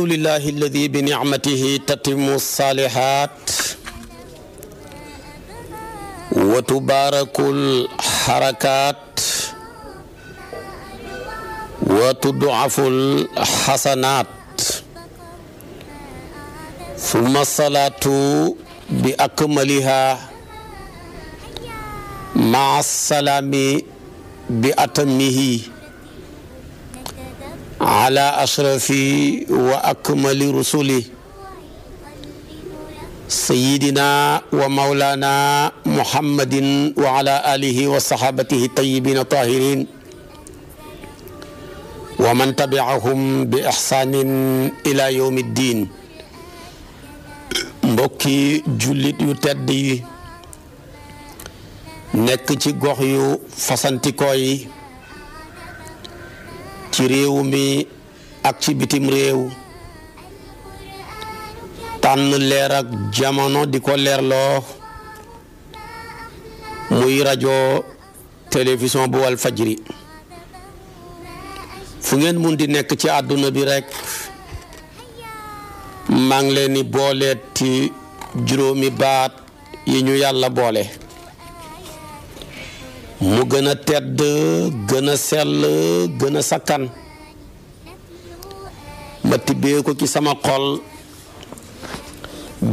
الحمد لله الذي بنعمته تتم الصالحات وتبارك الحركات وتضعف الحسنات ثم الصلاة بأكملها مع السلام بأتمه على أشرف وأكمل رسله سيدنا ومولانا محمد وعلى آله وصحابته الطيبين الطاهرين ومن تبعهم بإحسان إلى يوم الدين مبكي جلد يتدي نكتي yi فسنتي ci ci réew mi ak ci bitim réew tànn leer ak jamono di ko leerloo muy rajo télévision bu wal fajri fu ngeen mun di nekk ci àdduna bi rekk maa ngi leen di booleet ci juróomi baat yi ñu yàlla boole mu gën a tedd gën a sell gën sakkan ma tibbee ko ci sama xol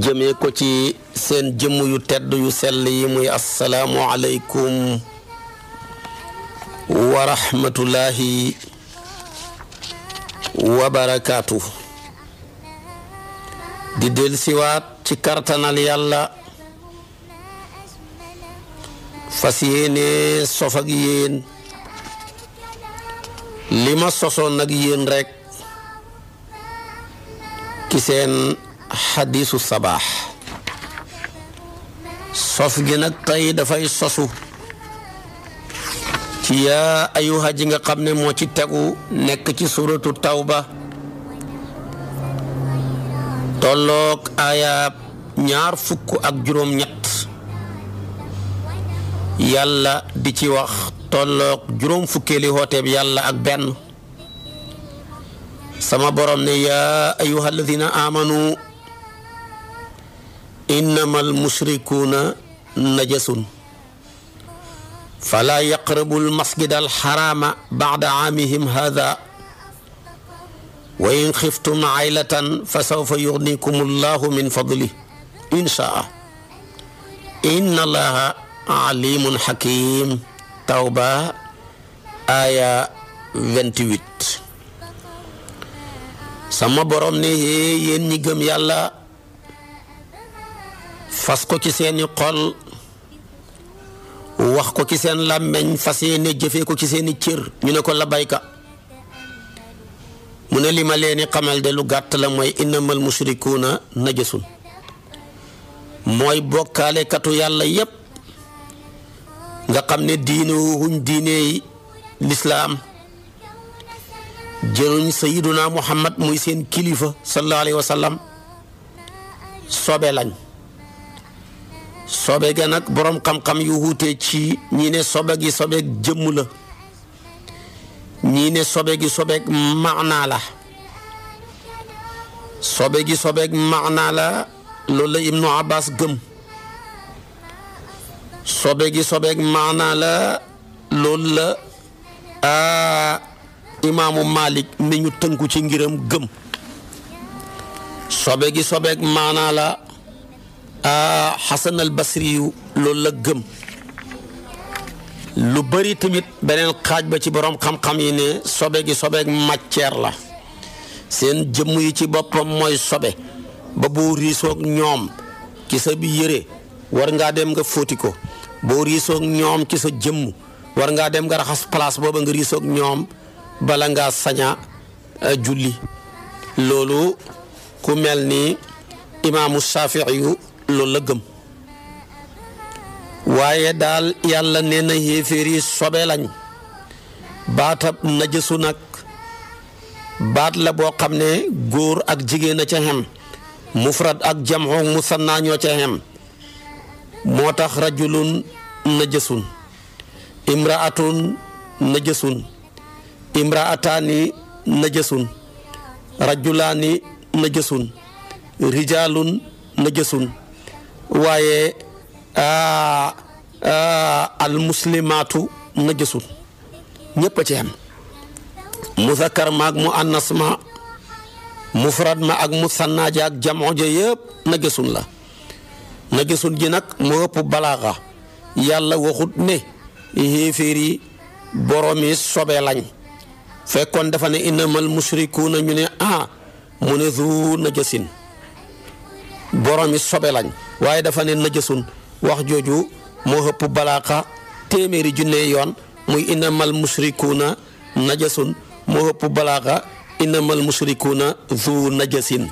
jëmee ko ci seen jëmm yu tedd yu sell yi muy assalaamu aleykum wa rahmatullahi di dellusiwaat ci kartanal yàlla fas yéene sof ak yéen li ma sosoon ak yéen rek ki seen xadiisu sabaax sof gi nag tey dafay sosu ci yaa ayuha ji nga xam ne moo ci tegu nekk ci suratu tawba tolloog aayaab ñaar fukk ak juróom ñett yàlla di ci wax tolloog juróom fukkeeli hooteeb yàlla ak benn sama borom ne yaa ayuha alladina amanu innama almushrikuuna najasun fala yaqrabu almasjid alxarama bacda caamihim hada wa in xiftum caylatan fa sawfa yugnikum allahu min fadlih inchaa inna allaha alimun hakim tawba aya 28 sama borom ne hee eh, yéen ñi gëm yàlla fas ko ci seeni xol wax ko ci seen làmmeñ fas yéene jëfee ko ci seeni cër ñu ne ko la bayka mu ne li ma leen xamal de lu gàtt la mooy innamal mushrikuuna najasun mooy bokkaalekatu yàlla yépp nga xam ne diine wuñ diineey lislaam jëluñ sayiduna muhammad muy seen kilifa sallallahu alayhi wa sobe lañ sobe ga nag boroom xam-xam yu wuute ci ñi ne sobe gi sobeeg jëmm la ñii ne sobe gi sobeeg maanaa la sobe gi sobeeg maanaa la loolu la ibnu abbas gëm sobe gi sobeeg maanaa la lool la a Malik ni ñu tënku ci ngiram gëm sobe gi sobeeg maanaa la a Xasan Basri yu loolu la gëm lu bari tamit beneen xaaj ba ci boroom xam-xam yi ne sobe gi sobeeg matière la seen jëmm yi ci boppam mooy sobe ba bu riisoog ñoom ci sa bi yére war ngaa dem nga fóoti ko boo riisoog ñoom ci sa jëmm war ngaa dem nga raxas place booba nga riisoog ñoom bala ngaa saña euh, julli loolu ku mel ni imaamu Shaafi'i yu loolu la gëm waaye daal yàlla nee na yéeféer yi lañ baatab najasu nag baat la boo xam ne góor ak jigéen a ca xem mufrad ak jamxu musanna ñoo ca xem moo tax rajulun najasun imraatun najasun imraataani najasun rajulaani najasun rijaalun najasun waaye almuslimaatu najasun ñëpp a ci am muzakkar ma ak mu annas ma mufrad ma ak musanna ja ak jamoo ja yëpp najasun la najasul ji nag moo ëpp balaaxa yàlla waxut ne xéeféer yi boroomi sobe lañ fekkoon dafa ne innamal mushrikuuna ñu ne ah mu ne zu najasin boroomi sobe lañ waaye dafa ne najasun wax jooju moo ëpp balaaxa téeméeri junne yoon muy innamal mushrikuuna najasun moo ëpp balaaxa innamal mushrikuuna zu najasin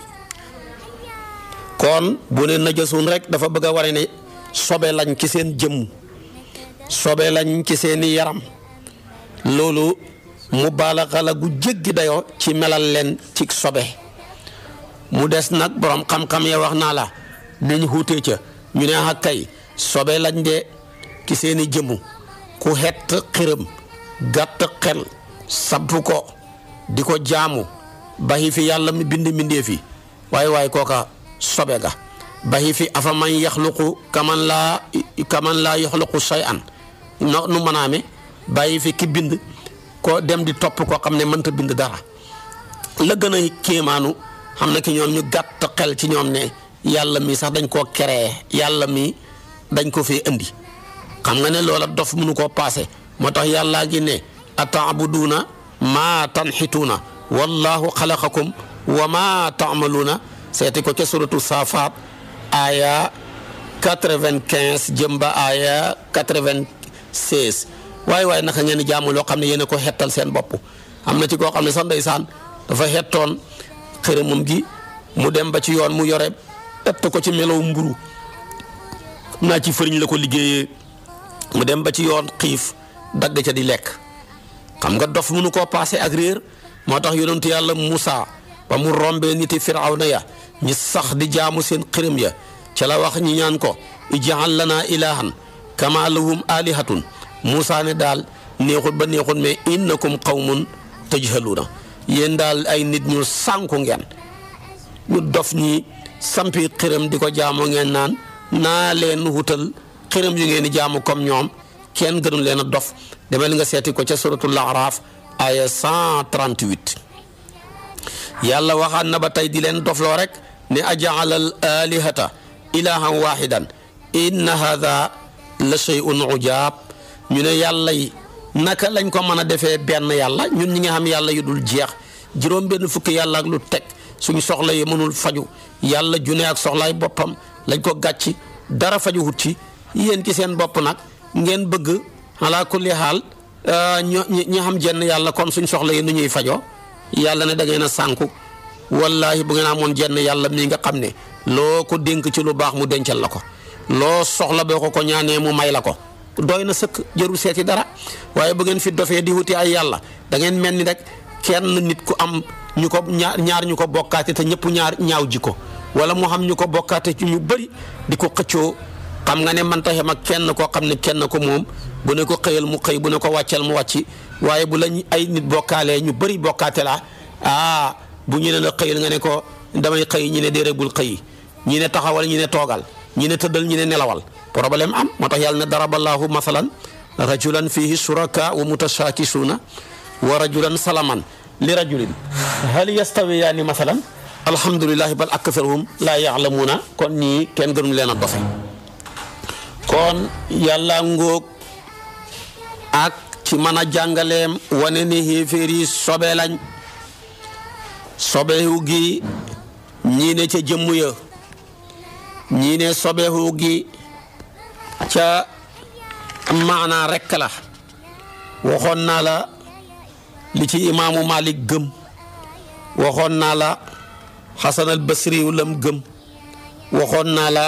kon bu ne najasun rek dafa bëgg a ware ne sobe lañ ki seen jëmm sobe lañ ci seeni yaram loolu mu baalaxa la gu jéggi dayoo ci melal leen ci sobe mu des nag borom xam-xam ya wax naa la niñ xuutee ca ñu ne ak ah kay sobe lañ de ki seeni jëmm ku xett xiram gàtt xel sab ko di ko jaamu baxi fi yàlla mi bind mbindee fi waaye waaye kooka sobe ga bayi fi afa man yaxluqu kaman laa kaman laa yaxluqu shay'an no nu mën a amee bàyyi fi ki bind koo dem di topp koo xam ne mënta bind dara la gën a kéemaanu xam na ki ñoom ñu gàtt xel ci ñoom ne yàlla mii sax dañ koo créé yàlla mii dañ ko fee indi xam nga ne loola dof mënu koo paase moo tax yàllaa ngi ne ataabuduuna maa tanxituuna wallahu xalaqakum wa maa taamaluuna seeti ko ca suratu saafaat aya 95 jemba aya 96 way way nak ngeen jaamu lo xamne yene ko hettal sen bop amna ci ko xamne sa sax dafa xettoon xërëmam gi mu dem ba ci yoon mu yore ett ko ci melaw mburu na ci la ko liggeye mu dem ba ci yoon xif dagg ca di lek xam nga dof mënu ko passer ak reer motax yalla musa ba mu rombee niti firawna ya ñi sax di jaamu seen xiram ya ca la wax ñi ñaan ko ijaal lana ilahan kama lahum alihatun Moussa ne daal neexul ba neexul mais innakum qawmun tajhaluuna yéen daal ay nit ñu sànku ngeen ñu dof ñi sampi xiram di ko jaamu ngeen naan naa leen wutal xiram yu ngeen di jaamu comme ñoom kenn gënu leen a dof demel nga seeti ko ca suratul Araaf aya 138 يالا وخان نبا تاي دي لين دوفلو رك ني اجعل الالهه الها واحدا ان هذا لشيء عجاب ني ني يالا نكا لنج كو مانا ديفه بن يالا نون نيغي خام يالا يودول جيخ جيروم بن فك يالا لو تك سوني سوخلا يي مانول فاجو يالا جوني اك سوخلاي بوبام لنج كو غاتشي دارا فاجو حوتي يين كي سين بوب نا نين بغ على كل حال ني ني خام جن يالا كون سوني سوخلا يي نوني فاجو yalla ne da ngay na sanku wallahi bu ngeen amoon jenn yalla mi nga xamne ne bah ko dénk ci lu bax mu dencal lako lo soxla be ko ko ñaanee mu may lako doyna doy jeru seti dara waye bu ngeen fi di wuti ay yalla da ngeen melni rek kenn nit ku am ñuko nyar ñaar ñaar ñuko bokkati te ñepp ñaar ñaaw jiko ko wala mu xam ñuko bokkati ci ñu bari diko xëccio xam nga ne man taxe mak kenn ko xamne kenn ko mom bu ne ko mu xey bu ne ko waccel mu wacci waaye bu lañ ay nit bokkaalee ñu bari bokkaate la ah bu ñu ne la xëyil nga ne ko damay xëy ñu ne déere xëy ñi ne taxawal ñi ne toogal ñi ne tëddal ñi ne nelawal problème am moo tax yàlla ne daraballahu masalan rajulan fihi suraka wa mutashakisuuna wa rajulan salaman li rajulin hal yastawiyaani masalan alhamdulilahi bal aktharuhum laa yaalamuuna kon ñii kenn gënu leen a dofe kon yàlla ngóog ak ci mën a jàngaleem wane ne xéeféer yi sobe lañ sobehu gi ñii ne ca jëmm ya ñii ne sobehu gi ca maanaa rekk la waxoon naa la li ci imaamu Malik gëm waxoon naa la xasan al basriyu lam gëm waxoon naa la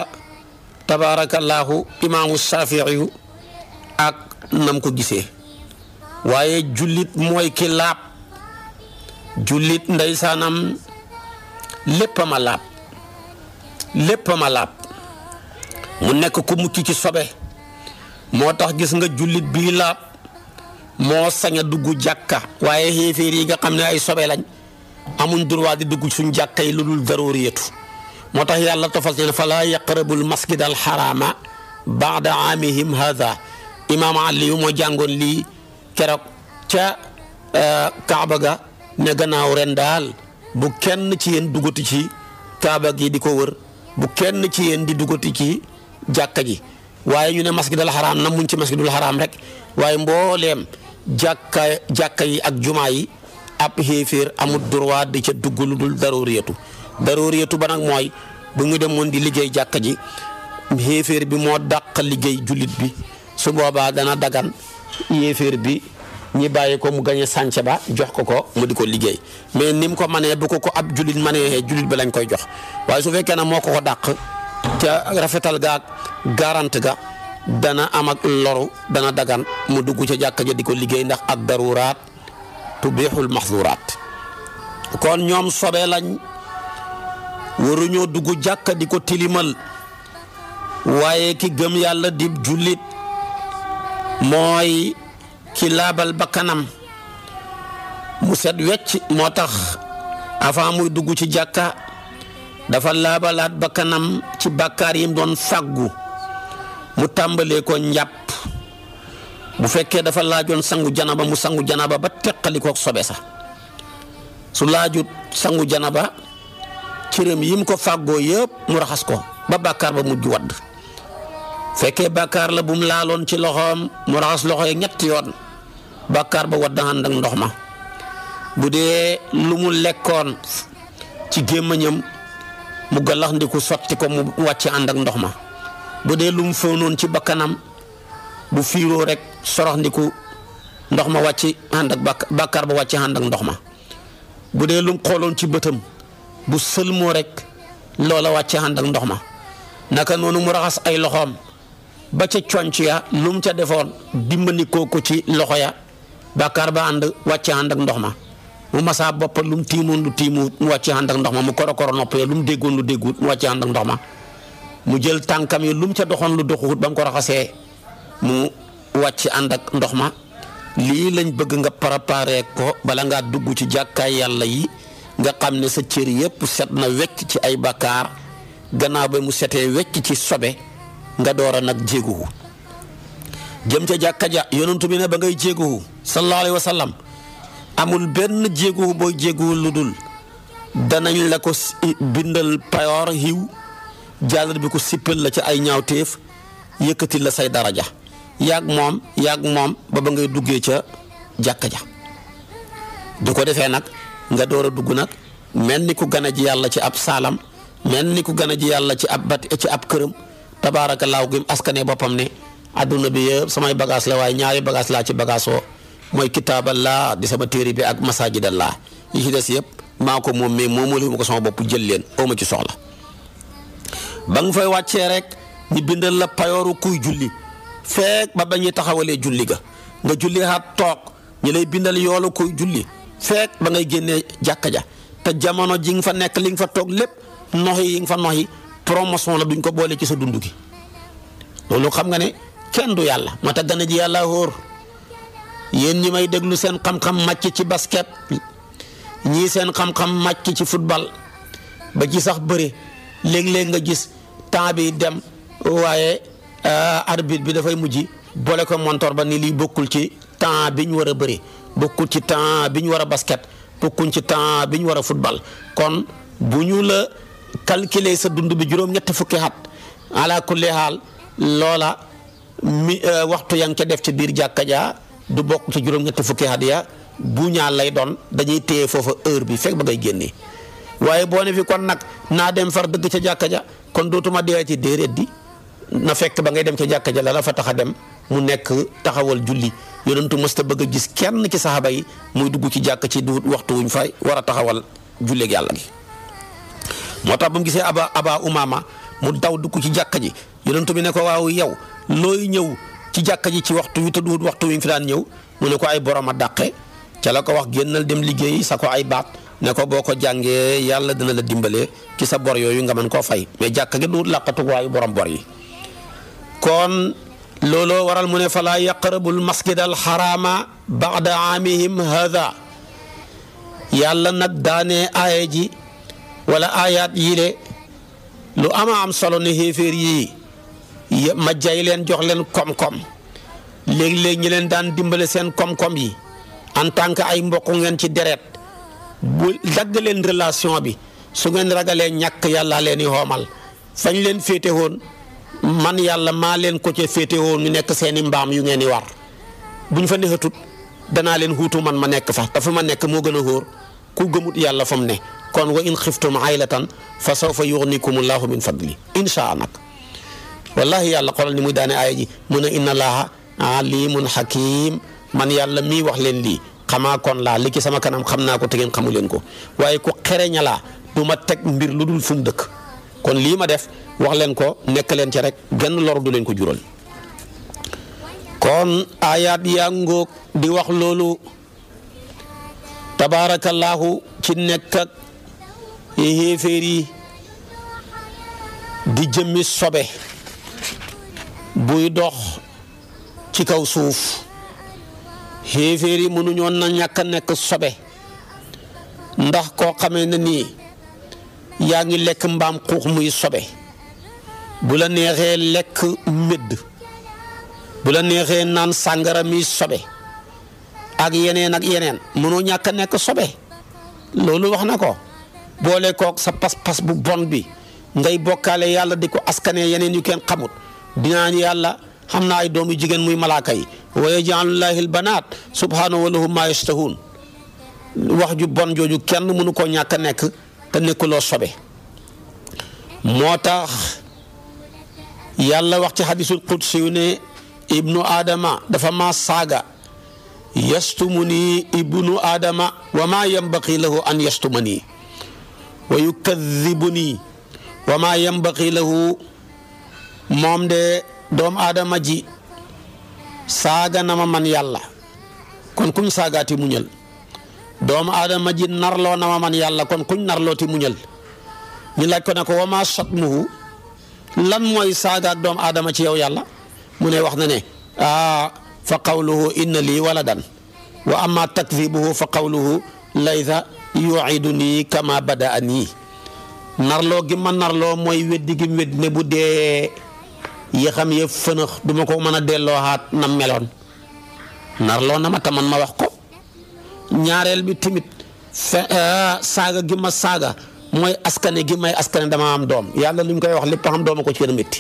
tabaarakallaahu imaamu Shaafiiyu ak nam ko gisee waaye jullit mooy ki laab jullit ndeysaanam léppam a laab léppam a laab mu nekk ku mucc ci sobe moo tax gis nga jullit bi laab moo sañ dugg jàkka waaye xéeféer yi nga xam ne ay sobe lañ amuñ droit di dugg suñ jàkka yi lu dul daruriyatu moo tax yàlla tofas ne falaa yaqrabul masjid al xaraama baada aamihim hada imaam Aliyu moo jàngoon lii keroog ca eh, Kaaba ga ne gannaaw ren daal bu kenn ci yéen duggati ci Kaaba gi di ko wër bu kenn ci yéen di duggati ci jàkka ji waaye ñu ne masjidul xaraam na muñ ci masjidul xaraam rek waaye mbooleem jàkka jàkka yi ak jumaa yi ab xéeféer amul droit di ca dugg lu dul daruriyatu daruriyatu ba nag mooy bu dem demoon di liggéey jàkka ji xéeféer bi moo dàq liggéey jullit bi su boobaa dana dagan yéeféer bi ñi bàyyi ko mu gañe sànce ba jox ko ko mu di ko liggéey mais ni mu ko manee bu ko ko ab julit manee julit bi lañ koy jox waaye su fekkee ne moo ko ko dàq ca rafetal ga garante ga dana am ak loru dana dagan mu dugg ca jàkka ja di ko liggéey ndax ak daruraat tubixul maxduraat kon ñoom sobee lañ waruñoo dugg jàkka di ko tilimal waaye ki gëm yàlla di jullit mooy ki laabal bakkanam mu set wecc moo tax avant muy dugg ci jàkka dafa laabalaat bakkanam ci bàkkaar yim doon fàggu mu tàmbalee ko njàpp bu fekkee dafa laajoon sangu janaba mu sangu janaba ba teqali ko sobe sa su laajut sangu janaba cëram yim ko fàggoo yëpp mu raxas ko ba bàkkaar ba mujj wadd fekkee bàkkaar la bu mu laaloon ci loxoom mu raxas loxo yi ñetti yoon bàkkaar ba wadd ànd ndox ma bu dee lu mu lekkoon ci gémmiñam mu galax ndiku sotti ko mu wàcc ànd ak ndox ma bu dee lu mu fóonoon ci bakkanam bu fiiroo rek sorox ndox ma wàcc ànd ak bàkkaar ba ànd ak ndox ma bu dee lu xooloon ci bëtam bu sëlmoo rek loola wàcc ànd ndox ma naka noonu mu raxas ay loxoom ba ca conc ya lu mu ca defoon dimbali ko ci loxo ya bàkkaar ba ànd wàcce ànd ak ndox ma mu masaa bopp lu mu tiimoon lu tiimuwut mu wàcce ànd ak ndox ma mu koro koro lu mu déggoon lu dégguwut mu wàcce ànd ma mu jël tànkam yi lum ca doxoon lu doxuwut ba mu ko raxasee mu wàcc ànd ak ndox ma lii lañ bëgg nga préparer ko bala ngaa dugg ci jàkkaay yàlla yi nga xam ne sa cër yépp set na wecc ci ay bàkkaar gannaaw ba mu setee wecc ci sobe nga doora nag jéeguhu jëm ca jàkka ja yonentu bi ba ngay jéeguhu sallallahu alayhi amul benn jéeguhu booy jéeguhu lu dul danañ la ko bindal payoor hiw jàllal bi ko sippal la ci ay ñaawteef yëkkati la say daraja yaag moom yaag moom ba ba ngay duggee ca jàkka ja du ko defee nag nga doora dugg nag mel ni ku gane ji yàlla ci ab saalam mel ni ku gane ji yàlla ci ab bat ci ab këram tabaarakallaahu gim askane boppam ne adduna bi yëpp samay bagage la waaye ñaari bagage laa ci bagage oo mooy kitaaballah di sama téere bi ak laa yi ci des yëpp maa ko moom mais moomu li ma ko sama bopp jël leen oo ma ci soxla ba nga fay wàccee rek ñu bindal la payooru kuy julli feek ba ba ñuy taxawalee julli ga nga julli xaat toog ñu lay bindal yoola kuy julli feek ba ngay génnee jàkka ja te jamono ji nga fa nekk li nga fa toog lépp nox yi nga fa nox promotion la duñ ko boole ci sa dund gi loolu xam nga ne kenn du yàlla moo tax gana ji yàlla hóor yéen ñi may déglu seen xam-xam màcc ci basket ñii seen xam-xam màcc ci football ba ji sax bëri léeg-léeg nga gis temps bi dem waaye euh, arbitre bi dafay mujj boole ko montor ba ni lii bokkul ci temps bi ñu war a bëri bokkul ci temps bi ñu war a basket bokkuñ ci temps bi ñu war a football kon bu ñu la calculer sa dund bi juróom-ñetti fukki at ala kulli haal loola mi euh, waxtu ya nga ca def ci biir jàkka ja du bokk ci juróom-ñetti fukki at ya bu ñaar lay doon dañuy téye foofa heure bi fekk ba ngay génne waaye boo ne fi kon nag naa dem far dëgg ca jàkka ja kon dootuma dee ci déedéet di na fekk ba ngay dem ca jàkka ja la fa tax a dem mu nekk taxawal julli yonentu mësta bëgg a gis kenn ci saxaaba yi muy dugg ci jàkk ci du waxtu wuñ fay war a taxawal julleeg yàlla moo tax ba mu gisee aba aba umama mu daw dugg ci jàkka ji yonent bi ne ko waaw yow looy ñëw ci jàkka ji ci waxtu wi te du waxtu wi fi daan ñëw mu ne ko ay borom a dàqe ca la ko wax génnal dem liggéey sa ko ay baat ne ko boo ko jàngee yàlla dina la dimbale ci sa bor yooyu nga mën koo fay mais jàkka gi du làqatu waayu borom bor yi kon looloo waral mu ne falaa yaqrabul masjid al xaraama baada aamihim hada yàlla nag daane aaye ji wala ayaat yii de lu ama am solo ne xéeféer yii ma jay leen jox leen koom-koom léegi-léegi leen daan dimbale seen koom-koom yi en tant que ay mbokk ngeen ci deret bu dagg leen relation bi su ngeen ragalee ñàkk yàllaa leen i xoomal fañ leen féete woon man yàlla maa leen ko ca féete woon ñu nekk seeni mbaam yu ngeen di war ñu fa neexatut danaa leen xuutu man ma nekk fa dafa ma nekk moo gën a xóor ku gëmut yàlla fa mu ne kon wa in xiftum aylatan fa sawfa yuxnikum allahu min fadli insha nag wallahi yàlla xoolal ni muy daane aaya ji mu ne inna allaha alimun hakim man yàlla mi wax leen lii xamaa kon laa li ci sama kanam xam naa ko te ngeen xamu leen ko waaye ku xereña laa du ma teg mbir lu dul fu dëkk kon lii ma def wax leen ko nekk leen ci rek genn lor du leen ko jural kon ayaat yaa di wax loolu tabaarakallaahu ci nekk yéeféer yi di jëmmi sobe buy dox ci kaw suuf yéeféer yi mënuñoon na ñàkk nekk sobe ndax koo xamee ne ni yaa ngi lekk mbaam xuux muy sobe bu la neexee lekk médd bu naan sàngara mi sobe ak yeneen ak yeneen mënoo ñàkk a nekk sobe loolu wax na ko boole kook sa pas-pas bu bon bi ngay bokkaale yàlla di ko askanee yeneen yu kenn xamut dinaan yàlla xam na ay doom jigéen muy malaaka yi wa yajaalullaahi l banaat subhaanahu wa lahum maa wax ju bon jooju kenn mënu koo ñàkk nekk te nekkuloo sobe moo tax yàlla wax ci hadisul qudsi yu ne ibnu aadama dafa ma saaga yastumuni ibnu aadama wa maa yambaqi lahu an yastumani wa yukadibuni wa maa yambaqi lahu moom de doom aadama ji saaga na ma man yàlla kon kuñ saagaati muñal doomu aadama ji narloo na ma man yàlla kon kuñ narlooti muñal ñu laaj ko ne ko wa maa satmuhu lan mooy saagaak doomu aadama ci yow yàlla mu ne wax na ne ah fa qawluhu inna lii waladan wa amma takdibuhu fa qawluhu laysa yuidu nii kama bada a nii narloo gi ma narloo mooy weddi gi mu ne bu dee yi xam ye fënëx duma ko mën a delloo xaat na meloon narloo na ma taman ma wax ko ñaareel bi tamit fe eh, saaga gi ma saaga mooy askane gi may askane dama am doom yàlla lu koy wax lépp xam dooma ko ci metti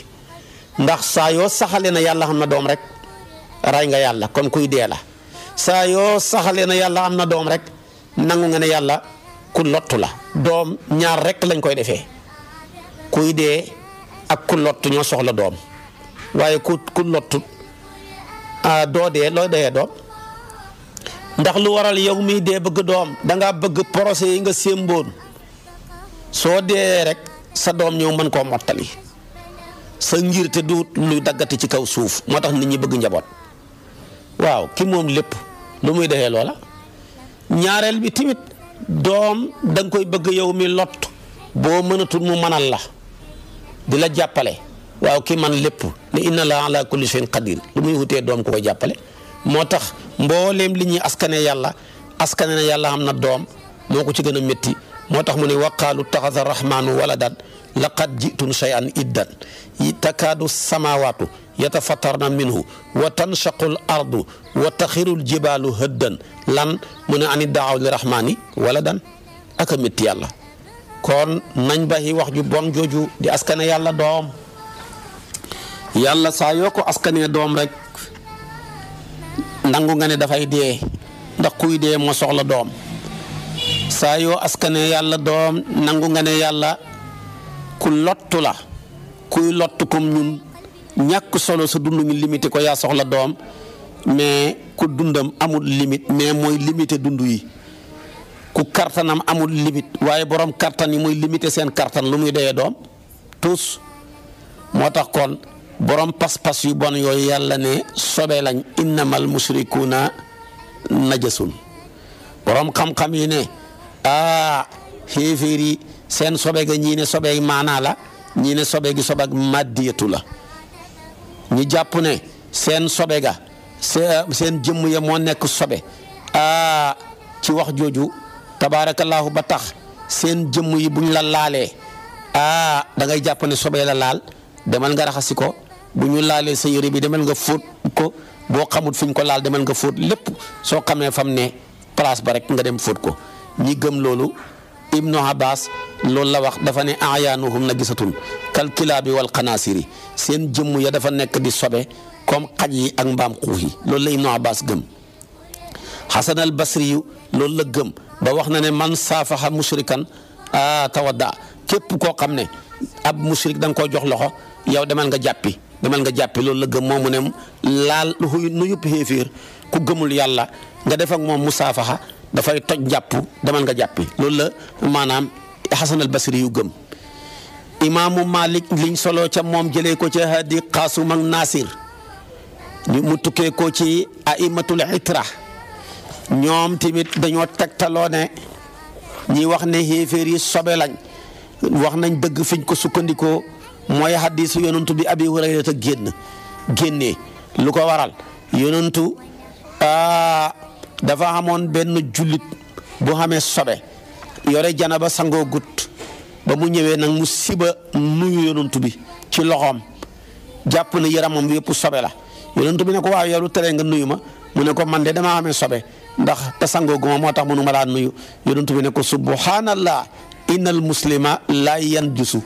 ndax saa yoo saxalee na yàlla xam na doom rek ray nga yàlla kon kuy dee saa yoo saxalee na yàlla am na doom rek nangu nga ne yàlla ku lottu la dom ñaar rek lañ koy defé kuy dé ak ku lottu ño soxla dom waye ku ku lottu a do dé lo dé doom ndax lu waral yow mi dé bëgg dom da nga bëgg procès yi nga sembon so dé rek sa dom ñëw mën ko motali sa ngir te du lu dagati ci kaw suuf motax nit ñi bëgg njabot waaw ki mom lepp lu muy déxé lola ñaareel mi tamit doom da koy bëgg yow mi lot boo mënatul mu mënal la di la jàppale waaw ki man lépp na inna la ala kulli shay'in qadir lu muy wutee doom ku ko jàppale moo tax mbooleem li ñuy askanee yàlla askane na yàlla am na doom moo ko ci gën a métti moo tax mu ne waqaalu taxasa rahmaanu waladan laqad jitum shay'an iddan takaadu samaawaatu yatafattarna minhu wa tanshaqu l ardu wa taxiru l jibaalu hëddan lan mu ne ani daaw li rahmaani wala dan ak a yàlla kon nañ bàyyi wax ju bon jooju di askane yàlla doom yàlla saa yoo ko askanee doom rek nangu nga ne dafay dee ndax kuy dee moo doom saa yoo askanee yàlla doom nangu nga ne yàlla ku lottu kuy lottu comme ñun ñàkk solo sa dund ñu limité ko yaa soxla doom mais ku dundam amul limite mais mooy limité dund yi ku kartanam amul limite waaye borom kartan yi mooy limité seen kartan lu muy dee doom tous moo tax kon borom pas-pas yu bon yooyu yàlla ne sobe lañ innamal musrikuuna najasun borom xam-xam yi ne ah xéeféer yi seen sobe ga ñii ne sobe maanaa la ñii ne sobe gi sobe ak màddiyatu la. ñu jàpp ne seen sobe ga seen jëmm ya moo nekk sobe aa ci wax jooju tabaarakallaahu ba tax seen jëmm yi buñ la laalee aa da ngay jàpp ne sobe la laal demal nga raxasi ko bu ñu laalee sa yére bi demal nga fóot ko boo xamut fi ko laal demal nga fóot lépp soo xamee fam ne place ba rek nga dem fóot ko ñi gëm loolu ibnu abbas loolu la wax dafa ne ayaanuhum na gisatun kal kilaabi wal qanaasiri seen jëmm ya dafa nekk di sobe comme xaj yi ak mbaam xuux yi loolu la ibnu abbas gëm xasan basri loolu la gëm ba wax na ne man saafaxa mushrikan a tawada képp koo xam ne ab mushrik da ko jox loxo yow demal nga jàppi demal nga jàppi loolu la gëm moom mu ne laal nu yëpp xéeféer ku gëmul yàlla nga def ak moom saafaxa dafay toj jàpp demal nga jàppi loolu la maanaam xasan al yu gëm imaamu malik liñ solo ca moom jëlee ko ca hadi qasum ak nasir mu tukkee ko ci aimatul itra ñoom tamit dañoo tegtaloo ne ñi wax ne xéeféer yi sobe lañ wax nañ dëgg fiñ ko sukkandikoo mooy hadisu yonantu bi abi hurayra ta génn génnee lu ko waral yonantu dafa amoon benn jullit bu xamee sobe yore janaba sangoo gut ba mu ñëwee nag mu siba nuyu yonantu bi ci loxoom jàpp na yaramam yëpp sobe la yonantu bi ne ko waaw yow lu tere nga nuyu ma mu ne ko man de damaa amee sobe ndax te sangoo guma moo tax mënu ma laa nuyu yonantu bi ne ko subhanallah innal muslima la yanjusu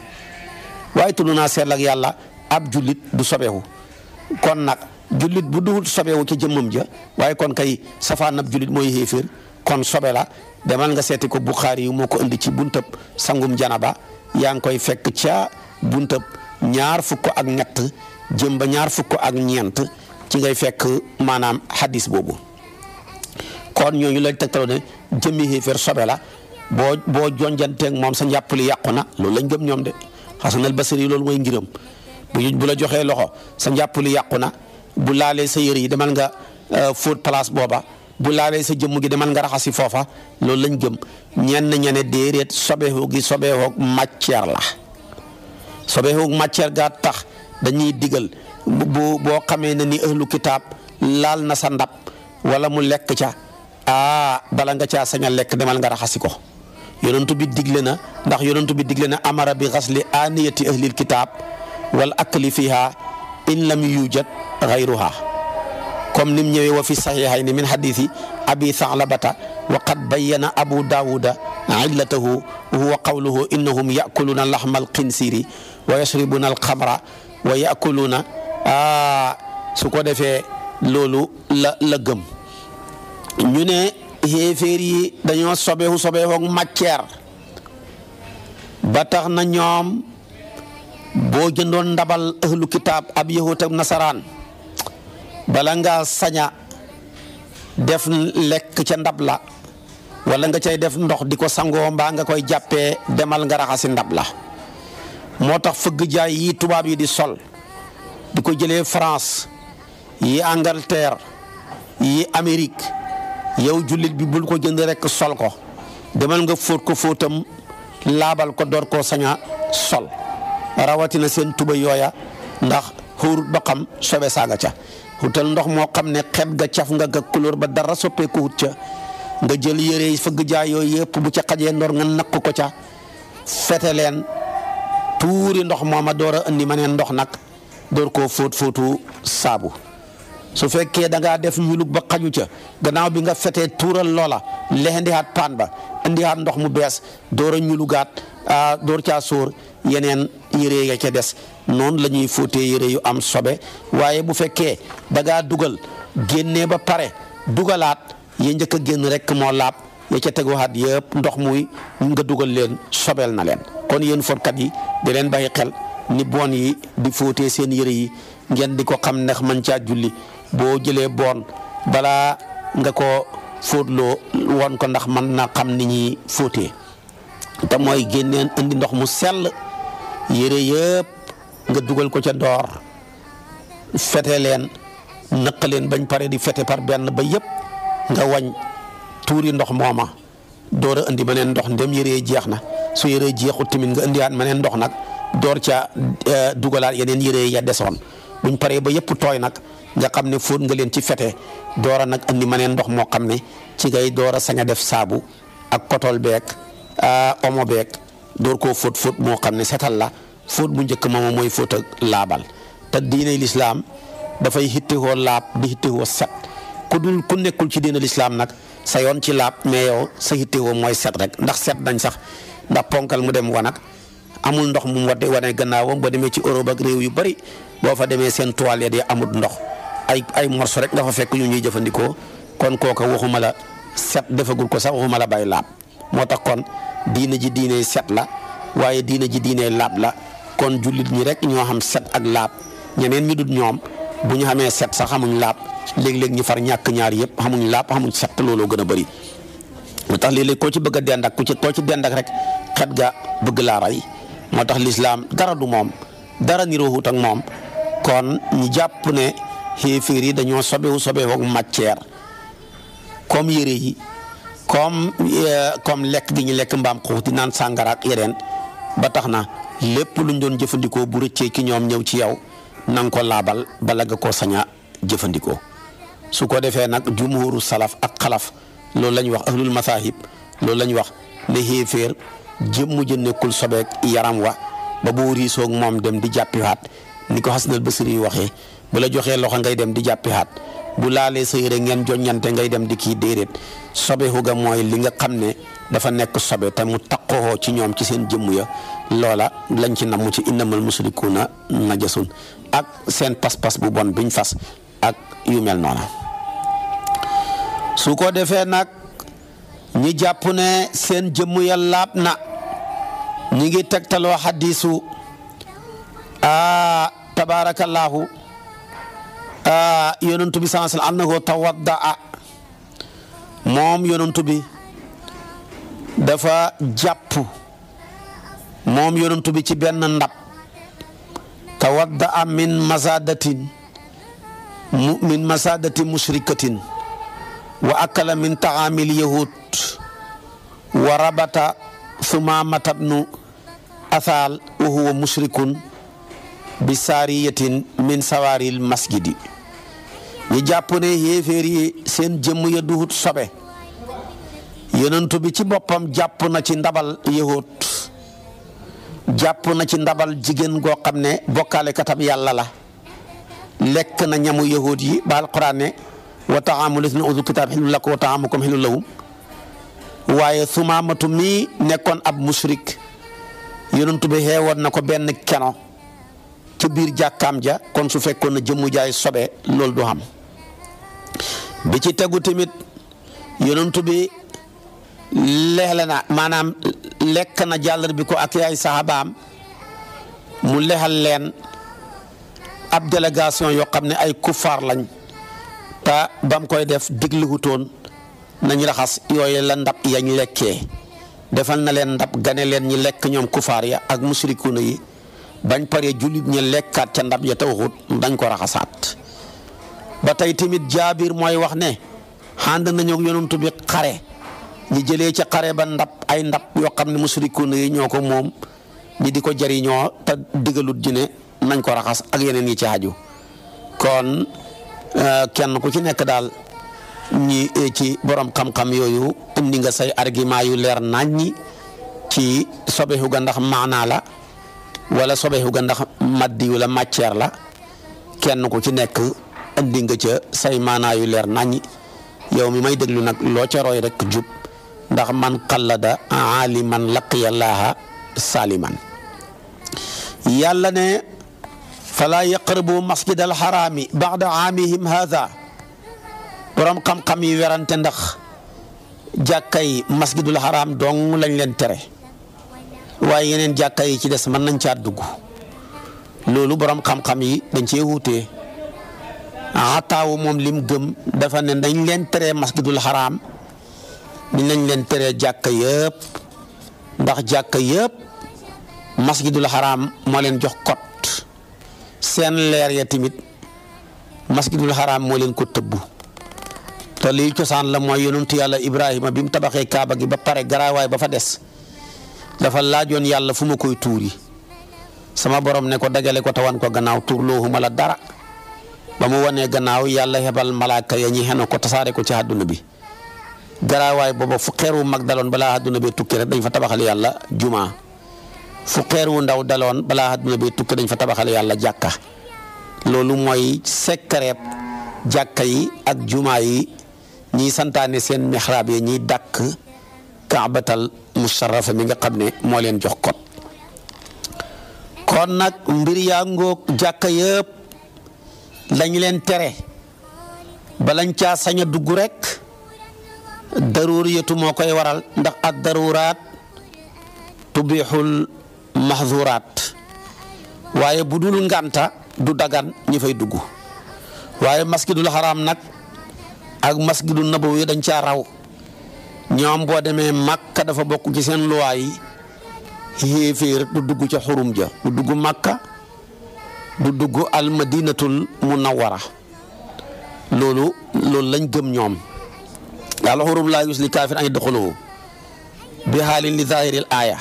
waaye tudd naa seetlu ak yàlla ab jullit du sobeeku kon nag jullit bu duhut wu ca jëmmam ja waaye kon kay safaanab jullit mooy xéeféer kon sobe la demal nga seeti ko Buxaari yu moo ko indi ci buntab sangum ba yaa ngi koy fekk ca buntab ñaar fukk ak ñett jëm ba ñaar fukk ak ñeent ci ngay fekk maanaam hadis boobu kon ñooñu lañ tegtaloo ne jëmmi xéeféer sobe la boo boo jonjanteeg moom sa njàpp li yàqu na loolu lañ gëm ñoom de Xasanal Basri loolu mooy ngiram bu bu la joxee loxo sa njàpp li yàqu na. bu laalee sa yëri yi demal nga euh, fóot place booba bu laalee sa jëmm gi demal nga raxasi foofa loolu lañ gëm ñenn ñene déeréet sobeeku gi matière la matière ga tax dañuy digal bu boo xamee ne ni ëhlu kitaab laal na sa ndab wala mu lekk ca ah bala nga caa lek a lekk demal nga raxasi ko yonentu bi digle na ndax yonentu bi digle na amara bi ghasli aniyati ahlil kitaab wal akli fiha in lam yujad xayruha comme nim ñëwee wa fi saxiixayni min xadiisi abi Saalabata wa qad bayyana abu daawuda illatahu wa huwa qawluhu innahum yakuluuna laxma alxinsiri wa yashribuuna alxamra wa yakuluuna ah su ko defee loolu la la gëm ñu ne xéeféer yi dañoo sobeeku sobeeku ak matière ba tax na ñoom bo jëndon ndabal ahlul kitab ab yahut ak nasaran bala nga saña def lek ci ndab la wala nga cey def ndox di sango mba nga koy jappé demal nga raxasi ndab la motax feug jaay yi tubab yi di sol di jëlé France yi Angleterre yi amerique yow julit bi bul ko jënd rek sol ko demal nga fot ko fotam labal ko dor ko saña sol na sen tuba yoya ndax hur ba xam sobe sanga ca hutal ndox mo xam ne xet ga caf nga ga couleur ba dara soppeeku wut ca nga jël yére feug ja yoy yep bu ca xajee ndor nga nak ko ca fete leen tuuri ndox moma dora andi ma ndox nak dor ko fot fotu sabu su fekke da nga def yulug ba xaju ca gannaaw bi nga toural lola hat ba hat ndox mu dora ñulugat a dor ca yenen yëre ya ca des noonu la ñuy fóotee yëre yu am sobe waaye bu fekkee da dugal génnee ba pare dugalaat ya njëkk a génn rek moo laab ya ca teguwaat yëpp ndox muy nga dugal leen sobel na leen kon yéen fotkat yi di leen bàyyi xel ni boon yi di fóotee seen yére yi ngeen di ko xam ndax man caa julli boo jëlee boon bala nga ko fóotloo woon ko ndax man naa xam ni ñuy fóotee te mooy génneen indi ndox mu sell yere yep nga duggal ko ca fete len nak len bañ pare di fete par ben ba yëpp nga wañ touri ndox mooma dora andi beneen ndox dem yere jeexna na su yere jeexu timin nga at beneen ndox nak dor ca eh, duggalat yenen yere ya deson buñ paree ba yëpp toy nak nga xam foot nga len ci fete door nak andi beneen ndox mo xam ci gay dora a def sabu, ak kotol bek a eh, omo bek door koo fóot fóot moo xam ne setal la fóot bu njëkk moom mooy fóot laabal te diine lislaam dafay xittiwoo laab bi di xittiwoo set ku dul ku nekkul ci diine lislaam nag sa yoon ci laab mais yow sa xittiwoo mooy set rek ndax set nañ sax ndax ponkal mu dem wanag amul ndox mu de wane gannaawam boo demee ci Europe ak réew yu bari boo fa demee seen toilette yi amul ndox ay ay morso rek nga fa fekk yu ñuy jëfandikoo kon kooka waxuma la set defagul ko sax waxuma la bay laab moo diine ji diine set la waaye diine ji diine laab la kon jullit ñi rek ñoo xam set ak laab ñeneen ñu dul ñoom bu ñu xamee set sax xamuñ laab léeg-léeg ñu far ñàkk ñaar yëpp xamuñ laab xamuñ set looloo gën a bëri. moo tax léeg koo ci bëgg dend ak ku ci koo ci dend rek xet ga bëgg laa rey moo tax lislaam dara du moom dara niroowut ak moom kon ñu jàpp ne xéeféer yi dañoo sobewu sobewu ak matière comme yére yi. comme euh, comme lekk gi ñu lekk mbaam xuux di naan sàngara ak ba tax na lépp luñ doon jëfandikoo bu rëccee ki ñoom ñëw ci yow nang ko laabal bala nga koo saña jëfandikoo su ko defee nag jumhuru salaf ak xalaf loolu la ñuy wax ahlul masahib loolu la ñuy wax ne xéeféer jëmm ja nekkul sobeek yaram wa ba bu riisoog moom dem di jàppiwaat ni ko xasnal basiri yi waxee bu la joxee loxo ngay dem di jàppi xaat bu laalee sa yére ngeen joññante ngay dem di kii déedéet sobe xuga mooy li nga xam ne dafa nekk sobe te mu taqoo ci ñoom ci seen jëmm ya loola lañ ci namm ci innamal musrikuuna najasun ak seen pas-pas bu bon biñ fas ak yu mel noona su ko defee nag ñi jàpp ne seen jëmm ya laab na ñi ngi tegtaloo xadiisu a tabaarakallaahu Ah, yonent bi sallallahu alayhi wa sallam moom yonent bi dafa moom yonent ci benn ndab tawaddaa min masadatin min masadati mushrikatin wa akala min taamil yahud wa rabata sumaamata bnu athal wa huwa mushrikun bi min sawaaril masjidi ñu jàpp ne yéeféer yi seen jëmm ya duhut sobe yonent bi ci boppam jàpp na ci ndabal yahut jàpp na ci ndabal jigéen goo xam ne bokkaale katam yàlla la lekk na ñamu yahut yi ba alquran ne wa taamu lisna usul kitaab xilul lakum wa taamukum xilul lahum waaye sumaamatu mii nekkoon ab musrik yonent bi xeewoon na ko benn keno ci biir jàkkaam ja kon su fekkoon na jëmmu jaay sobe loolu du xam bi ci tegu tamit yonantu bi leexle na maanaam lekk na jàllar bi ko ak yaay saxaabaam mu lexal leen ab délégation yoo xam ne ay kuffaar lañ ta bam koy def digluwutoon nañ raxas yooyu la ndab yañ lekkee defal na leen ndab gane leen ñi lekk ñoom kufaar ya ak musrikuna yi bañ pare jullit ñi lekkaat ca ndab ya te waxut dañ ko raxasaat ba tey tamit jaabir mooy wax ne hand nañu ak yonent bi xare ñu jëlee ci xare ba ndap ay yo xamni musriku ne ñoko mom ko jari ñi ta ko ji ne nañ ko raxas ak yeneen yi ci aju kon euh, kenn ku ci nek dal ñi eh, ci borom xam-xam yooyu indi nga say argument yu leer naññi ci sobehu ga ndax maana la wala sobehu ga ndax maddi wala matière la kenn ku ci nek andi nga ca say maanaa yu leer naññi yow mi may déglu nag loo ca roy rek jub ndax man xallada aaliman laqiya laaha saliman yàlla ne falaa yaqrabu masjid al xaraami baxda aamihim haada borom xam-xam yi werante ndax jàkkay masjidul xaraam dong lañ leen tere waaye yeneen jàkka yi ci des mën nañ caa dugg loolu borom xam-xam yi dañ cee wuute ataw ah, mom lim gëm dafa ne dañ leen téré masjidul haram dinañ leen téré jàkka yëpp ndax masjidul haram mo leen jox kot seen leer ya timit masjidul haram mo leen ko tëbbu te lii cosaan la moy yonentu yalla Ibrahima bim tabaxé Kaaba gi ba pare graway ba fa dess dafa lajone yalla fuma koy touri sama borom ne ko dajale ko tawan ko gannaaw la dara. ba mu wanee gannaaw yàlla hebal malaaka ya ñi xeno ko tasaare ko ci àdduna bi garaawaay booba fu wu mag daloon balaa àdduna bi tukki rek dañ fa tabaxal yàlla juma fu wu ndaw daloon balaa àdduna bi dañ fa tabaxal yàlla jàkka loolu mooy sekkareeb jàkka yi ak juma yi ñiy santaane seen mihraab yi ñiy dàkk kaabatal musharrafa mi nga xam ne moo leen jox kot kon nag mbir yaa ngoog jàkka yëpp lañ leen tere balañ caa sañ dugg rekk daruuriyatu moo koy waral ndax ad daruuraat tubixul mahduuraat waaye bu dul ngànta du dagan ñi fay dugg waaye masjidul xaraam nag ak masjidul nabawi dañ caa raw ñoom boo demee Makka dafa bokk ci seen luwaay yi xéeféer du dugg ca xurum ja du dugg Makka du dugg al madinatul munawwara loolu loolu lañ gëm ñoom daal xurum laa yus li kaafir an yadxuluhu bi xaalin li zahiril aaya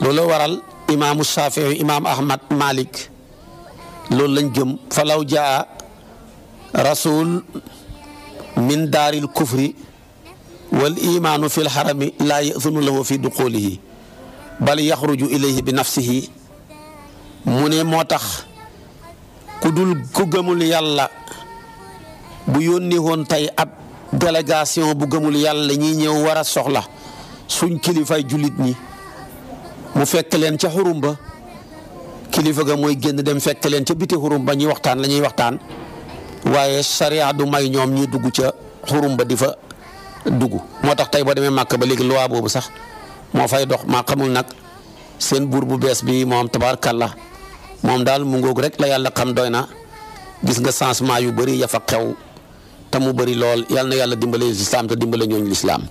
loolu waral imaamu Shafii imaam Ahmad Malik loolu lañ gëm falaw jaa rasul min daaril kufri wal imaanu fil xarami laa yasunu lahu fi duqulihi bal yaxruju ilayhi bi nafsihi mu ne moo tax ku dul ku gëmul yàlla bu yónnee woon tey ab délégation bu gëmul yàlla ñi ñëw war a soxla suñ kilifay jullit ñi mu fekk leen ca xurum kilifa ga mooy génn dem fekk leen ca biti xurum ba ñuy waxtaan la ñuy waxtaan waaye sariya du may ñoom ñuy dugg ca xurum di fa dugg moo tax tey boo demee màkk ba léegi loi boobu sax moo fay dox maa xamul nag. seen buur bu bees bi moom la moom daal mu ngoog rek la yàlla xam doy na gis nga changement yu bëri yafa xew te mu bëri lool yàlla na yàlla dimbale lislaam te dimbale ñooñu lislaam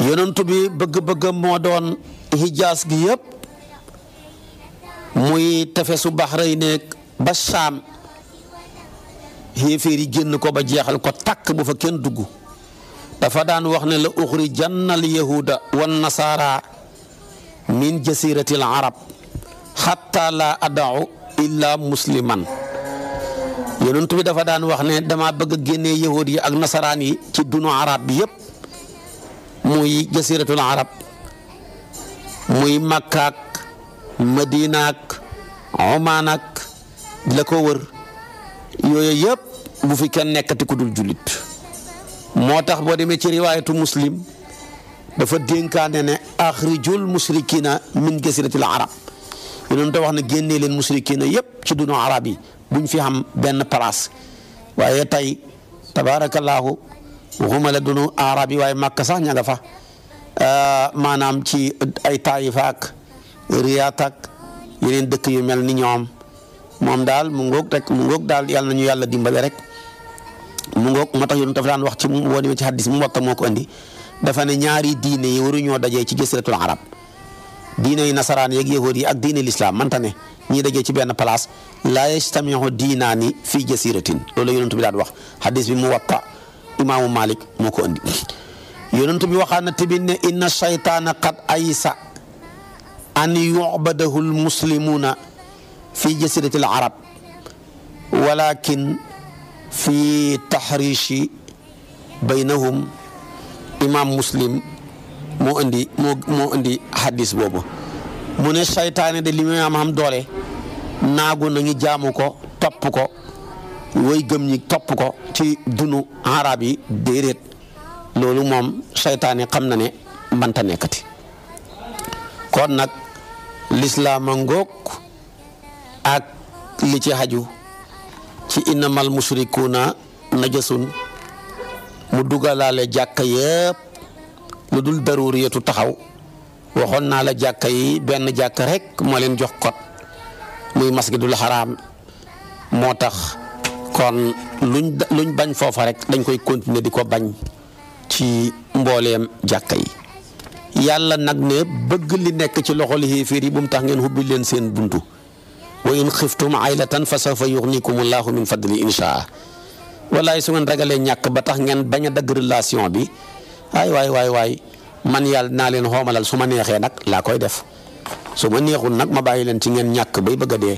yonentu bi bëgg-bëggam moo doon hijaas gi yëpp muy tefesu Bahrayn nekk ba Saam xéeféer yi génn ko ba jeexal ko tàkk bu fa kenn dugg dafa daan wax ne la uxri jannal yahuda wan nasaara min jasirati al arab xatta la adau illa musliman yonent bi dafa daan wax ne dama bëgg génne génnee yi ak nasaraan yi ci dunu arab bi yëpp muy jasiratul arab muy makkaak madinaak omaanak la wër yooyu yëpp bu fi kenn nekkati ku dul jullit moo tax boo demee ci riwaayatu muslim dafa dénkaane ne axrijul musrikina min jasiratil arab yonent wax na génnee leen musrikina yëpp ci dunu arab yi buñ fi xam benn place waaye tey tabaarakallaahu waxuma la dunu arab yi waaye màkk sax ña nga fa ah, maanaam ci ay taayifaak riyaat ak yeneen dëkk yu mel ni ñoom moom daal mu ngoog rek mu ngoog daal yàlla ñu yàlla dimbale rek mu ngoog moo tax yonent dafa daan wax ci mu woo demee ci hadis mu wax moo ko andi dafa ne ñaari diine yi waruñoo dajee ci jasiiratul arab diine nasaraan yeeg yahuud ak diine lislaam manta ne ñii dajee ci benn place laa yajtamiu diinaani fii jasiratin loolu la yonent bi daan wax hadis bi Muwatta imaamu Malik moo ko andi yonent bi waxaan na tamit ne inna shaytaana qad aysa an yu'badahu almuslimuuna fii jasiratil arab walakin fi tahriishi baynahum imaam muslim moo indi moo indi hadis boobu mu ne saytaane de li am doole naagu nañu jaamu ko topp ko woy gëm ñi topp ko ci dunu arab yi déedéet loolu moom saytaane xam na ne mënta nekkati kon nag lislaam a ngoog ak li ci haju ci innamal musrikuuna najasun mu dugalaale jàkka yëpp lu dul daruriyatu taxaw waxoon naa la jàkk yi benn jàkka rek moo leen jox kot muy masjidul xaraam moo tax kon luñ luñ bañ foofa rek dañ koy continuer di ko bañ ci mbooleem jàkka yi yàlla nag ne bëgg li nekk ci loxol xéeféer yi bu mu tax ngeen xubbi leen seen buntu wa in xiftum aylatan fa sawfa yuxnikum allahu min fadli inshaa wallaay su ngeen ragalee ñàkk ba tax ngeen bañ a dagg relation bi ay waay waay waay man yàlla naa leen xoomalal su ma neexee nag laa koy def su ma neexul nag ma bàyyi leen ci ngeen ñàkk bay bëgg a dee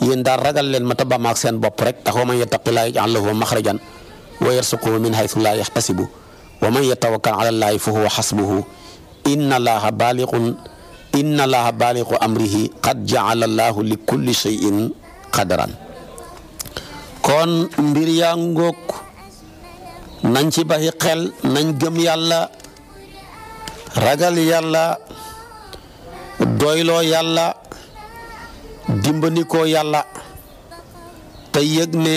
yéen daal ragal leen ma tabama ak seen bopp rek ndax wa man yattaqillaaha yaj'al lahu maxrajan wa yarsuquhu min haythu laa yaxtasibu wa man yatawakkal ala llaahi fa huwa xasbuhu inna allaaha baaliqun inna allaaha baaliqu amrihi qad ja'ala allaahu li kulli shay'in qadaran kon mbir yaa ngóog nañ ci bàyyi xel nañ gëm yàlla ragal yàlla doyloo yàlla dimbanikoo yàlla te yëg ne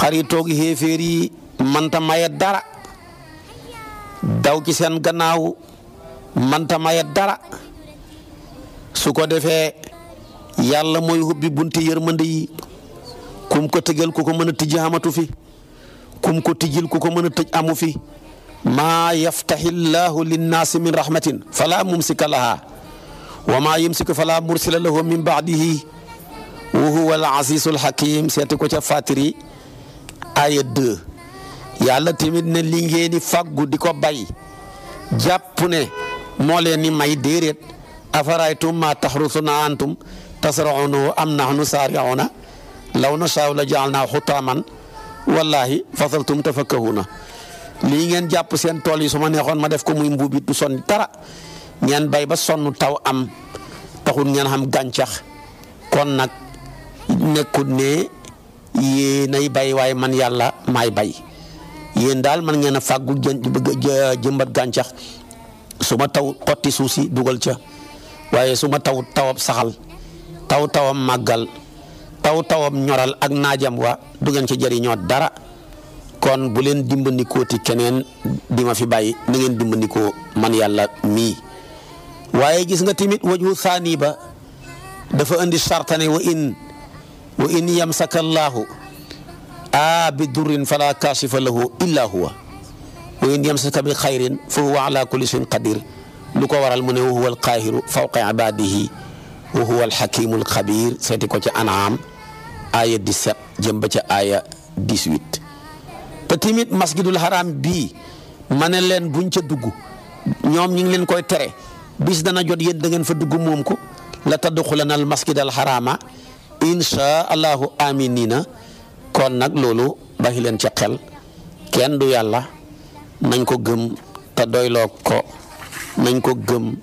xaritoog xéeféer yi manta maye dara daw ci seen gannaaw manta maye dara su ko defee yàlla mooy hubbi bunti yërmande yi kum ko tëjal ku ko mën a tijji fi kum ko tijjil ku ko mën a tëj amu fi maa yaftahi llahu linnaasi min rahmatin fala mumsika laha wa maa yumsik fala mursila lahu min baadihi wa huwa al azizu al hakim ko ca fatiri aya 2 yàlla tamit ne li di faggu di ko bay jàpp ne ni may déeréet afaraytum ma tahrusuna antum tasraunahu am nahnu saariuna law saw la jalna xutaaman wallahi fasaltum tafakkahuna li ngeen japp sen tol yi suma nekhon ma def ko muy mbubi du son tara ngeen bay ba sonu taw am taxul ngeen xam gantax kon nak nekut ne nay bay way man yalla may bay yeen dal man ngeen fagu fàggu jëmbat gàncax su taw xotti susi dugal ca waye suma taw tawab saxal taw tawam magal taw tawam ñoral ak najam wa du ngeen ci dara kon bu leen dimbandikoo ti kenen di ma fi bayyi na ngeen dimbandikoo man yalla mi waye gis nga timit wajhu thani ba dafa andi sartane wa in wa in yamsaka allah a bi durrin fala kashifa lahu illa huwa wa in yamsaka bi khairin fa huwa ala kulli shay'in qadir lu ko waral mu ne wa huwa fawqa ibadihi wa huwa hakimul khabir seeti ko ci anam aya 17 jëm ba ca aya 18 te timit masjidul haram bi ma len buñ ca dugg ñom ñing len koy tere bis dana jot yeen da ngeen fa dugg mom ko la tadkhulana al masjid al harama insha allahu aminina kon nag loolu baxi len ca xel kenn du yalla nañ ko gëm te doyloo ko nañ ko gëm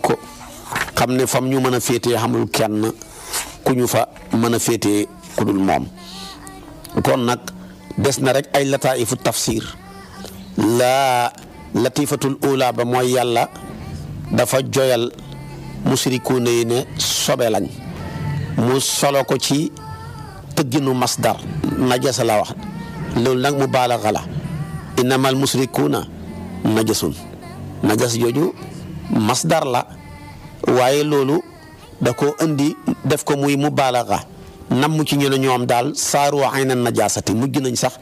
ko ne fam ñu mëna fété xamul kenn ku ñu fa mën a féetee ku dul moom kon nag des na rek ay lataa'ifu tafsir laa latifatul ula ba mooy yàlla dafa joyal musrikuuna yi ne sobe lañ mu solo ko ci tëgginu masdar najasa la wax loolu nag mu baalaxa la innamal musrikuuna najasun najas jooju masdar la waaye loolu da ko indi def ko muy mu mubaalaga mu ci ñu ne ñoom daal saaru na najaasati mujj nañ sax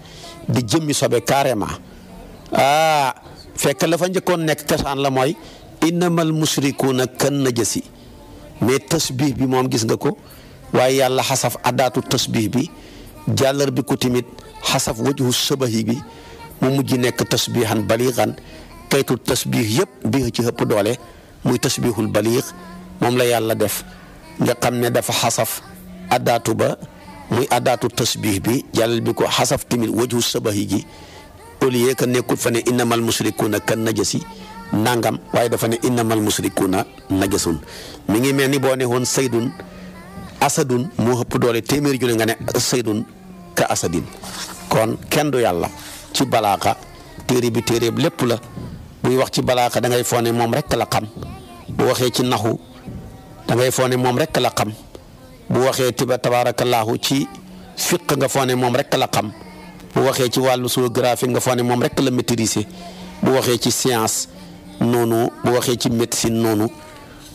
di jëmmi sobe carrément ah fekk la fa njëkkoon nekk kasaan la mooy innamal musrikuuna kan najasi mais tasbih bi moom gis nga ko waaye yàlla xasaf addaatu tasbih bi jàllar bi ko tamit xasaf wajhu sabahi bi mu mujj nekk tasbihan baliixan kaytu tasbih yëpp bii ci ëpp doole muy tasbihul baliix moom la yàlla def nga xam ne dafa xasaf addaatu ba muy addaatu tasbih bi jàllal bi ko xasaf timit wajhu sabahi ji au lieu que nekkul fa ne innamal musrikuuna kan najasi nangam waaye dafa ne innamal musrikuuna najasun mi ngi mel ni boo ne woon saydun asadun moo ëpp doole téeméeri julli nga ne saydun ka asadin kon kenn du yàlla ci balaaxa téere bi téere lépp la buy wax ci balaaxa dangay ngay moom rek la xam bu waxee ci naxu da foné mom rek la xam bu waxé tiba tabaarakallaahu ci fiq nga foné mom rek la xam bu waxé ci walu wàllu graphi nga foné mom rek la maîtriser bu waxé ci science nonu bu waxé ci médecine nonu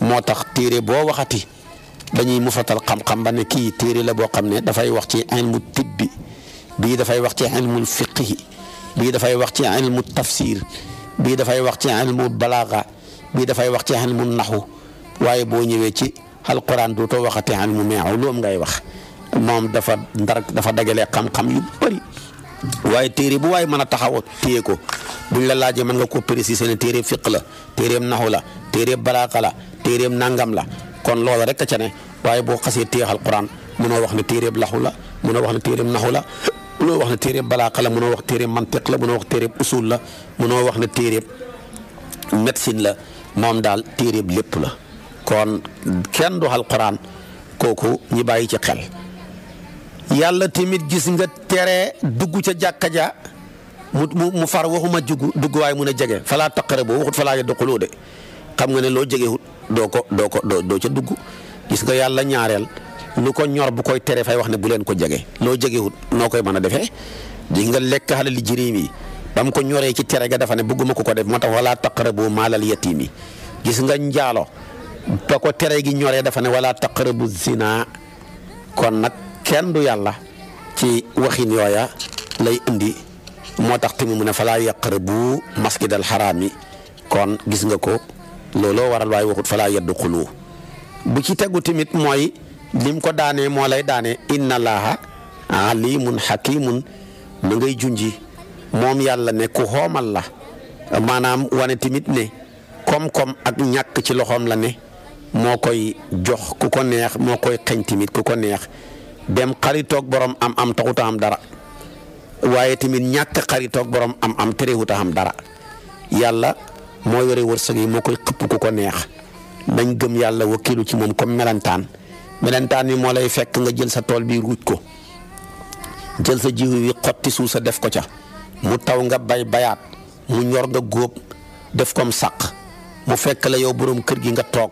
motax téré bo waxati dañuy mufatal xam-xam ba ne ki téré la bo xamné da fay wax ci ilmu tibbi bi da fay wax ci ilmu bi da fay wax ci ilmu tafsir bi da fay wax ci ilmu bi da fay wax ci ilmu naxu waaye boo ñëwee ci alquran dootoo waxatee an mu meexu loom ngay wax moom dafa ndar dafa dagale xam yu bëri waaye téere bu waaye mën a taxaw téye ko buñ la laajee mën nga ko préciser ne téereem fiq la téereem naxu la téereem balaaxa la téereem nangam la kon loola rek a ca ne waaye boo xasee téye alquran mënoo wax ne téereem laxu la mënoo wax ne téereem naxu la mënoo wax ne téereem balaaxa la mënoo wax téereem mantiq la mënoo wax téereem usul la mënoo wax ne téereem médecine la moom daal téereem lépp la. kon kenn du alquran kooku ñi bàyyi ci xel yàlla tamit gis nga tere dugg ca jàkka ja mu mu far waxuma jugu dugg waay mun a jege falaa taqare boo waxut falaa yadxuluu de xam nga ne loo jegewut doo ko doo ko doo ca dugg gis nga yàlla ñaareel lu ko ñor bu koy tere fay wax ne bu leen ko jege loo jegewut noo koy mën a defee di nga lekk xalal li jëriñ yi ba mu ko ñoree ci tere ga dafa ne bëgguma ko ko def moo tax wala taqrabu maalal yatiimi gis nga njaalo ba ko tere gi ñoree dafa ne wala taqrabu zina kon nag kenn du yàlla ci waxin yooya lay indi moo tax tamit mu ne falaa yaqrabu masjid al xaraam yi kon gis nga ko looloo waral waaye waxut falaa xulu bu ci tegu tamit mooy lim ko daanee moo lay daane inna laaha alimun hakimun ma ngay junji moom yàlla ne ku xoomal la maanaam wane tamit ne koom-koom ak ñàkk ci loxoom la ne moo koy jox ku ko neex moo koy xañ tamit ku ko neex dem xaritoog borom am am taxuta am dara waaye tamit ñàkk xaritoog borom am am terewuta am dara yàlla moo yore wërsëg yi moo koy xëpp ku ko neex dañ gëm yàlla wakiilu ci moom comme melentaan melentaan yi moo lay fekk nga jël sa tool bi ruuj ko jël sa jiw wi xotti suuf sa def ko ca mu taw nga bay bayaat mu ñor nga góob def kom sàq mu fekk la yow borom kër gi nga toog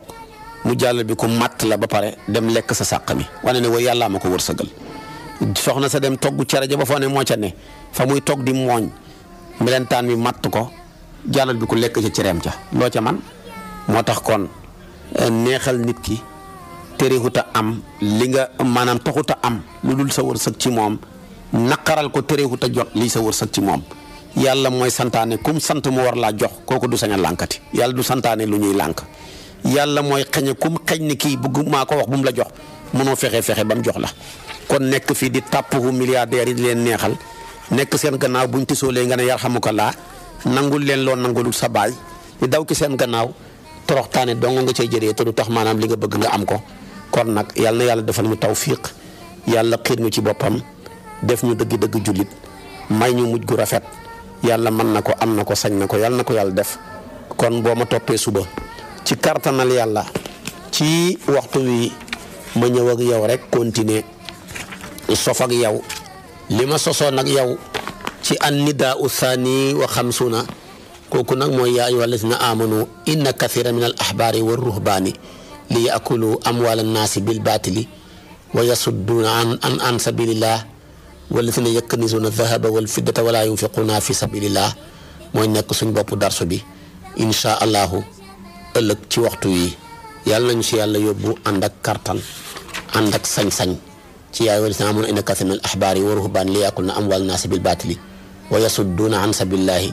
mu jàll bi ko matt la ba pare dem lekk sa sàq mi wane na way yàllaa ma ko wërsëgal soxna sa dem togg cere ja ba foo ne moo ca ne fa muy togg di mooñ melentaan mi matt ko jàllal bi ku lekk ca cereem ca loo ca man moo tax kon eh, neexal nit ki terewut a am li nga maanaam taxut a am lu dul sa wërsëg ci moom naqaral ko terewut a jot lii sa wërsëg ci moom yàlla mooy santaane kum sant mu war laa jox kooku du sañ a lànkati yàlla du santaane lu ñuy lànk yalla moy xagne kum xagne ki kii bëgg maa ko wax bu mu la jox mëno fexé fexé ba jox la kon nek fi di tapu milliardaire yi di len neexal nek sen gannaaw buñ tisoolee nga ne yarhamukallah nangul len lo nangulul sa bay di daw ki sen gannaaw tane dong nga cay jëlee te du tax manam li nga bëgg nga am ko kon nak yalla yalla defal ñu tawfiq yalla xir ñu ci bopam def ñu dëgg-dëgg julit may ñu mujj gu rafet yalla man nako am nako sañ nako yalla nako yalla def kon boma ma suba ci kartanal yàlla ci waxtu wi ma ñëw ak yow rek continuer sof ak yow li ma sosoon ak yow ci an nidaa u thani wa xamsuna kooku nag mooy yaa ayyuha allazina amanu inna kathira min al ahbaari wa ruhbaani li yaakulu amwaala annaasi bil baatili wa yasudduuna an an an sabilillah wallazina yaknizuna dhahaba wal fiddata wala yunfiquna fi sabilillah mooy nekk suñ bopp darsu bi incha allahu ëlëk ci waxtu yi yàlla nañu si yàlla yóbbu ànd ak kartan ànd ak sañ-sañ ci yaay wal amuna inna kathiran min al ahbar wa ruhban li yakul na amwaal naasi bil batil wa yasudduna an sabilillahi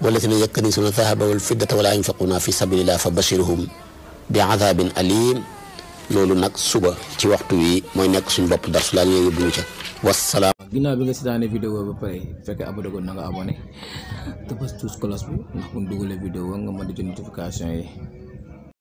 والذين يكنزون الذهب والفضة ولا ينفقونها في سبيل الله فبشرهم بعذاب alim loolu nag suba ci waxtu wi mooy nekk suñ bopp darsu laa ñuy yóbbu ñu ca wasalaam. ginnaaw bi nga seetaane vidéo ba pare fekk abonné ko na nga abonné te bës tuus cloche bi ndax bu ñu dugalee vidéo nga ma di jot notification yi.